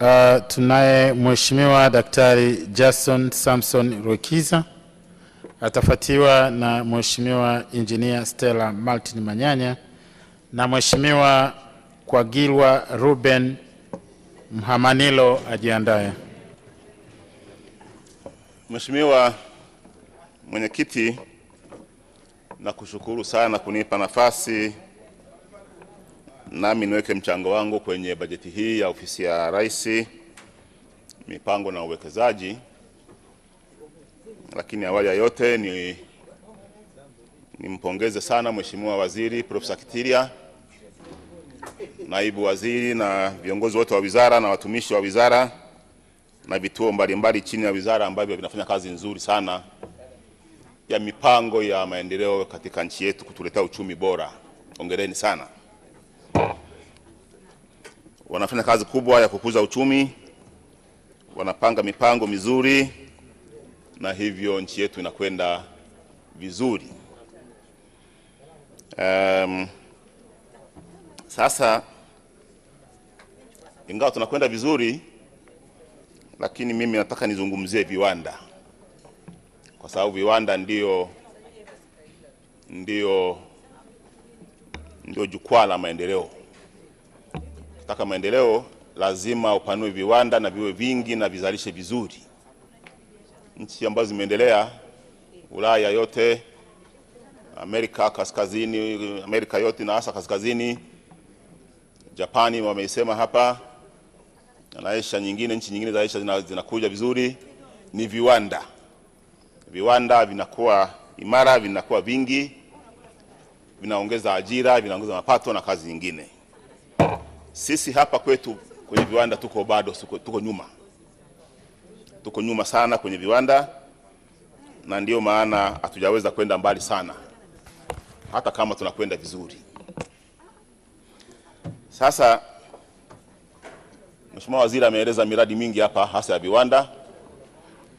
Uh, tunaye Mheshimiwa Daktari Jason Samson Rwekiza atafuatiwa na Mheshimiwa Injinia Stella Martin Manyanya na Mheshimiwa Kwagilwa Ruben Mhamanilo ajiandaye. Mheshimiwa Mwenyekiti, nakushukuru sana kunipa nafasi nami niweke mchango wangu kwenye bajeti hii ya ofisi ya Rais mipango na uwekezaji. Lakini awali ya yote ni nimpongeze sana Mheshimiwa Waziri Profesa kitiria naibu waziri na viongozi wote wa wizara na watumishi wa wizara na vituo mbalimbali chini ya wizara ambavyo vinafanya kazi nzuri sana ya mipango ya maendeleo katika nchi yetu kutuletea uchumi bora. Hongereni sana wanafanya kazi kubwa ya kukuza uchumi, wanapanga mipango mizuri, na hivyo nchi yetu inakwenda vizuri. Um, sasa ingawa tunakwenda vizuri, lakini mimi nataka nizungumzie viwanda kwa sababu viwanda ndio ndio ndio jukwaa la maendeleo taka maendeleo lazima upanue viwanda na viwe vingi na vizalishe vizuri. Nchi ambazo zimeendelea Ulaya yote, Amerika kaskazini, Amerika yote na hasa kaskazini, Japani wameisema hapa na Asia nyingine, nchi nyingine za Asia zinakuja vizuri, ni viwanda. Viwanda vinakuwa imara, vinakuwa vingi, vinaongeza ajira, vinaongeza mapato na kazi nyingine. Sisi hapa kwetu kwenye viwanda tuko bado tuko, tuko nyuma, tuko nyuma sana kwenye viwanda, na ndio maana hatujaweza kwenda mbali sana, hata kama tunakwenda vizuri. Sasa Mheshimiwa Waziri ameeleza miradi mingi hapa, hasa ya viwanda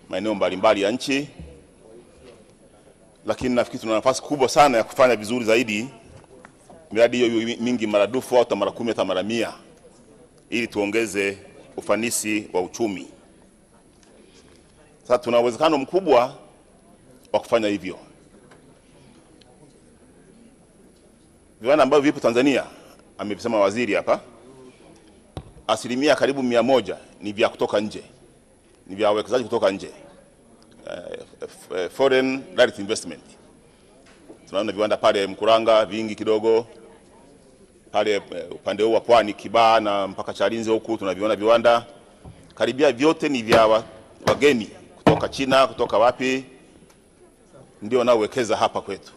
maeneo mbalimbali ya nchi, lakini nafikiri tuna nafasi kubwa sana ya kufanya vizuri zaidi miradi hiyo mingi maradufu au mara kumi hata mara mia ili tuongeze ufanisi wa uchumi. Sasa tuna uwezekano mkubwa wa kufanya hivyo. Viwanda ambavyo vipo Tanzania, amevisema waziri hapa, asilimia karibu mia moja ni vya kutoka nje, ni vya wawekezaji kutoka nje, uh, foreign direct investment. Tunaona viwanda pale Mkuranga vingi kidogo pale eh, upande huu wa pwani Kibaa na mpaka Chalinze huku tunaviona viwanda karibia vyote ni vya wageni kutoka China, kutoka wapi, ndio wanaowekeza hapa kwetu.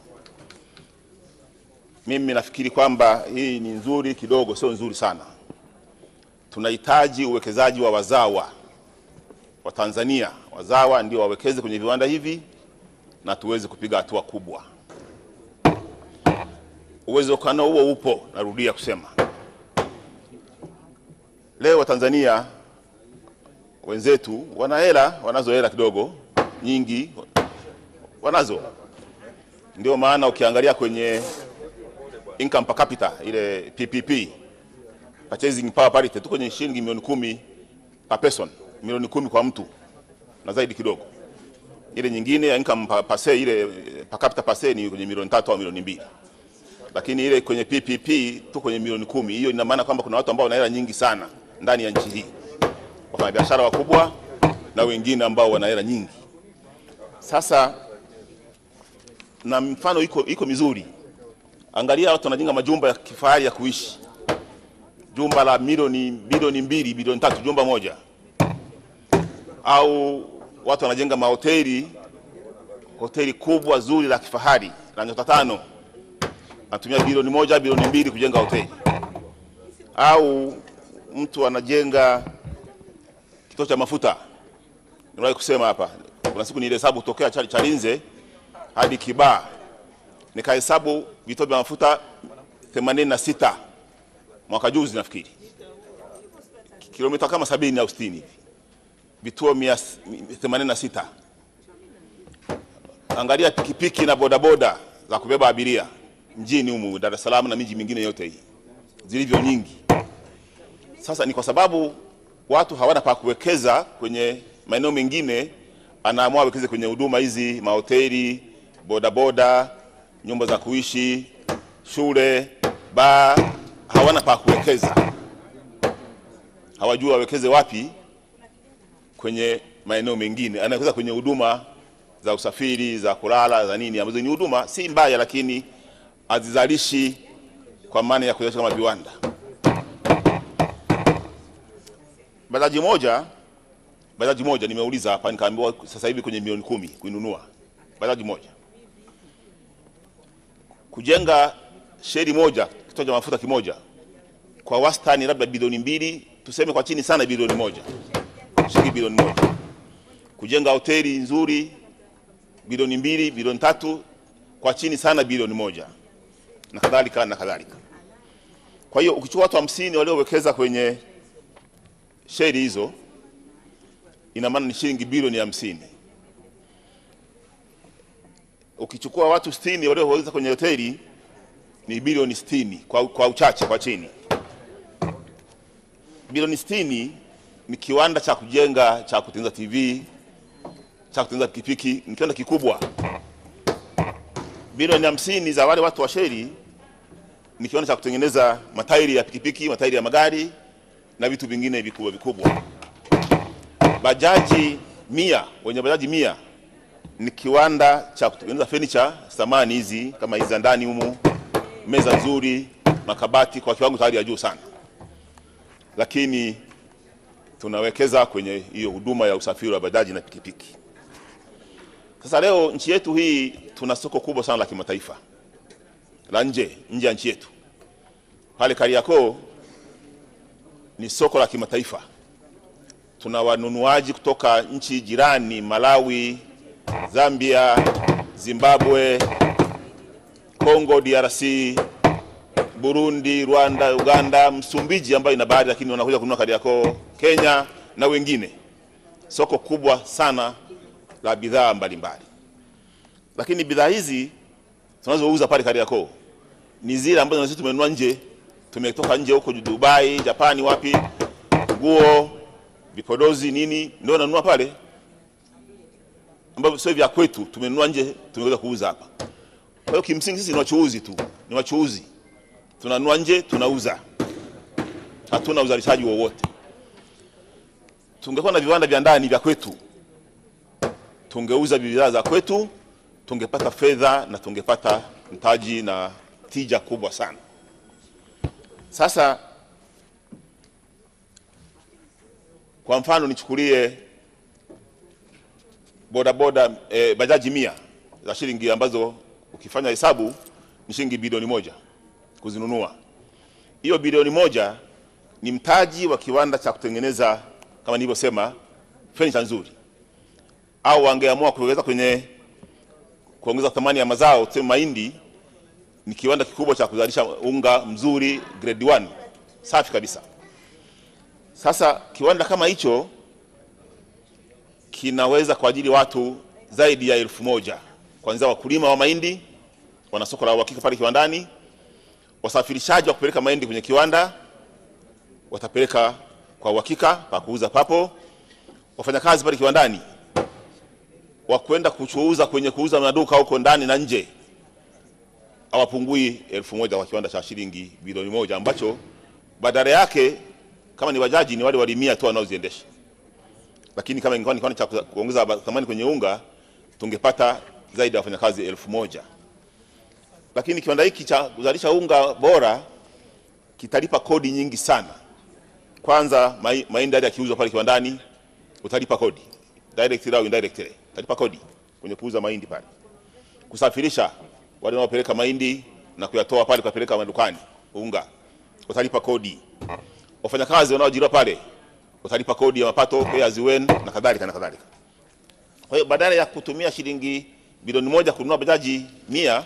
Mimi nafikiri kwamba hii ni nzuri kidogo, sio nzuri sana. Tunahitaji uwekezaji wa wazawa wa Tanzania, wazawa ndio wawekeze kwenye viwanda hivi na tuweze kupiga hatua kubwa uwezekano huo upo. Narudia kusema leo Watanzania wenzetu wana hela, wanazo hela kidogo nyingi, wanazo. Ndio maana ukiangalia kwenye income per capita ile PPP, purchasing power parity, tuko kwenye shilingi milioni kumi per person, milioni kumi kwa mtu na zaidi kidogo. Ile nyingine income per se, ile per capita per se ni kwenye milioni tatu au milioni mbili lakini ile kwenye PPP tu kwenye milioni kumi. Hiyo ina maana kwamba kuna watu ambao wana hela nyingi sana ndani ya nchi hii, wafanyabiashara wakubwa na wengine ambao wana hela nyingi. Sasa na mfano iko, iko mizuri. Angalia watu wanajenga majumba ya kifahari ya kuishi, jumba la milioni bilioni mbili bilioni tatu jumba moja, au watu wanajenga mahoteli hoteli kubwa zuri la kifahari la nyota tano atumia bilioni moja bilioni mbili kujenga hoteli, au mtu anajenga kituo cha mafuta. Niliwahi kusema hapa, kuna siku nilihesabu kutokea Chalinze hadi Kibaa, nikahesabu vituo vya mafuta 86 mwaka juzi, nafikiri kilomita kama sabini au sitini, vituo 86. Angalia pikipiki na bodaboda za kubeba abiria mjini humu Dar es Salaam na miji mingine yote hii zilivyo nyingi. Sasa ni kwa sababu watu hawana pa kuwekeza kwenye maeneo mengine, anaamua awekeze kwenye huduma hizi, mahoteli, bodaboda, nyumba za kuishi, shule, baa. Hawana pa kuwekeza, hawajua wawekeze wapi kwenye maeneo mengine. Anawekeza kwenye huduma za usafiri, za kulala, za nini, ambazo ni huduma si mbaya, lakini hazizalishi kwa maana ya kuzalisha kama viwanda. Bajaji moja, bajaji moja nimeuliza hapa nikaambiwa sasa hivi kwenye milioni kumi kuinunua bajaji moja, kujenga sheri moja, kituo cha mafuta kimoja kwa wastani labda bilioni mbili, tuseme kwa chini sana bilioni moja, shilingi bilioni moja, kujenga hoteli nzuri bilioni mbili, bilioni tatu, kwa chini sana bilioni moja na kadhalika na kadhalika. Kwa hiyo ukichukua watu hamsini waliowekeza kwenye sheri hizo, ina maana ni shilingi bilioni hamsini. Ukichukua watu sitini waliowekeza kwenye hoteli ni bilioni sitini kwa, kwa uchache kwa chini. Bilioni sitini ni kiwanda cha kujenga cha kutengeneza TV cha kutengeneza pikipiki, ni kiwanda kikubwa. Bilioni hamsini za wale watu wa sheri ni kiwanda cha kutengeneza matairi ya pikipiki, matairi ya magari na vitu vingine vikubwa vikubwa. Bajaji mia wenye bajaji mia ni kiwanda cha kutengeneza furniture, samani hizi kama hizi za ndani humu, meza nzuri, makabati kwa kiwango cha hali ya juu sana, lakini tunawekeza kwenye hiyo huduma ya usafiri wa bajaji na pikipiki. Sasa leo nchi yetu hii tuna soko kubwa sana la kimataifa la nje nje ya nchi yetu. Pale Kariakoo ni soko la kimataifa, tuna wanunuaji kutoka nchi jirani Malawi, Zambia, Zimbabwe, Kongo DRC, Burundi, Rwanda, Uganda, Msumbiji ambayo ina bahari lakini wanakuja kununua Kariakoo, Kenya na wengine. Soko kubwa sana la bidhaa mbalimbali, lakini bidhaa hizi tunazouza pale Kariakoo ni zile ambazo sisi tumenunua nje, tumetoka nje huko Dubai, Japani, wapi, nguo, vipodozi, nini, ndio nanunua pale, ambavyo sio vya kwetu, tumenunua nje, tumeweza kuuza hapa. Kwa hiyo kimsingi sisi ni wachuuzi tu, ni wachuuzi, tunanunua nje, tunauza, hatuna uzalishaji wowote. Tungekuwa na viwanda vya ndani vya kwetu, tungeuza bidhaa za kwetu, tungepata fedha na tungepata mtaji na tija kubwa sana. Sasa kwa mfano nichukulie bodaboda e, bajaji mia za shilingi ambazo ukifanya hesabu ni shilingi bilioni moja kuzinunua. Hiyo bilioni moja ni mtaji wa kiwanda cha kutengeneza kama nilivyosema furniture nzuri, au wangeamua kuongeza kwenye kuongeza thamani ya mazao tuseme mahindi ni kiwanda kikubwa cha kuzalisha unga mzuri grade 1 safi kabisa. Sasa kiwanda kama hicho kinaweza kwa ajili watu zaidi ya elfu moja kwanza, wakulima wa mahindi wana soko la uhakika pale kiwandani, wasafirishaji wa kupeleka mahindi kwenye kiwanda watapeleka kwa uhakika pa kuuza papo, wafanyakazi pale kiwandani wa kwenda kuchuuza kwenye kuuza maduka huko ndani na nje hawapungui elfu moja kwa kiwanda cha shilingi bilioni moja ambacho badala yake kama ni wajaji ni wale walimia tu wanaoziendesha, lakini kama ingekuwa ni kiwanda cha kuongeza thamani kwenye unga tungepata zaidi ya wafanyakazi elfu moja. Lakini kiwanda hiki cha kuzalisha unga bora kitalipa kodi nyingi sana. Kwanza mahindi yale yakiuzwa pale kiwandani utalipa kodi directly au indirectly, utalipa kodi kwenye kuuza mahindi pale, kusafirisha wale wanaopeleka mahindi na kuyatoa pale kuyapeleka madukani, unga watalipa kodi, wafanyakazi wanaojira pale watalipa kodi ya mapato pay UN na kadhalika na kadhalika. Kwa hiyo badala ya kutumia shilingi bilioni moja kununua bajaji mia,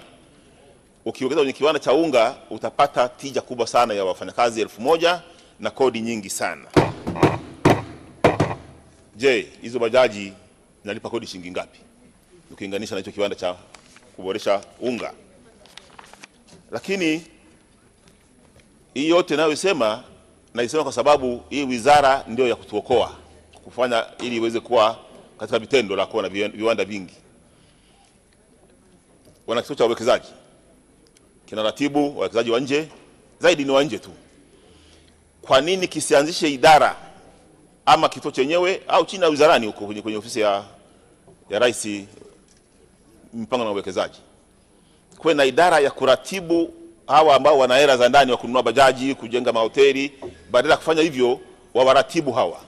ukiongeza kwenye kiwanda cha unga utapata tija kubwa sana ya wafanyakazi elfu moja na kodi nyingi sana. Je, hizo bajaji zinalipa kodi shilingi ngapi ukilinganisha na hicho kiwanda cha kuboresha unga. Lakini hii yote nayosema naisema kwa sababu hii wizara ndio ya kutuokoa kufanya ili iweze kuwa katika vitendo la kuwa na viwanda vingi. Wana kituo cha uwekezaji kina ratibu wawekezaji wa nje, zaidi ni wa nje tu. Kwa nini kisianzishe idara ama kituo chenyewe au chini ya wizarani huko kwenye ofisi ya, ya rais mipango na uwekezaji, kuwe na idara ya kuratibu hawa ambao wana hela za ndani wa kununua bajaji, kujenga mahoteli. Badala ya kufanya hivyo, wawaratibu hawa.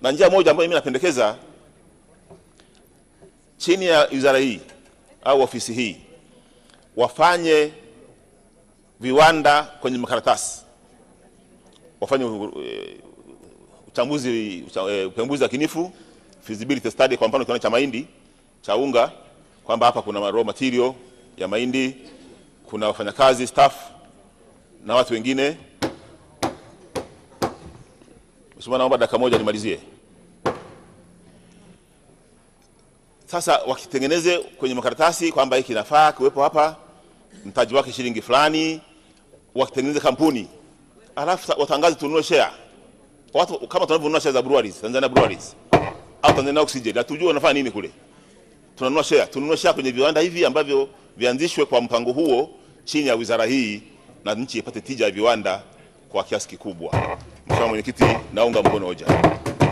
Na njia moja ambayo mimi napendekeza chini ya wizara hii au ofisi hii, wafanye viwanda kwenye makaratasi, wafanye uh, eh, upembuzi eh, wa kinifu, feasibility study, kwa mfano kiwanda cha mahindi cha unga kwamba hapa kuna raw material ya mahindi, kuna wafanyakazi staff na watu wengine. Mheshimiwa, naomba dakika moja nimalizie. Sasa wakitengeneze kwenye makaratasi kwamba hiki kinafaa kiwepo hapa, mtaji wake shilingi fulani, wakitengeneze kampuni alafu watangaze tununue share watu kama tunavyonunua share za breweries, Tanzania Breweries au Tanzania Oxygen, hatujui wanafanya nini kule tunanunua share, tununue share kwenye viwanda hivi ambavyo vianzishwe kwa mpango huo chini ya wizara hii na nchi ipate tija ya viwanda kwa kiasi kikubwa. Mheshimiwa Mwenyekiti, naunga mkono hoja.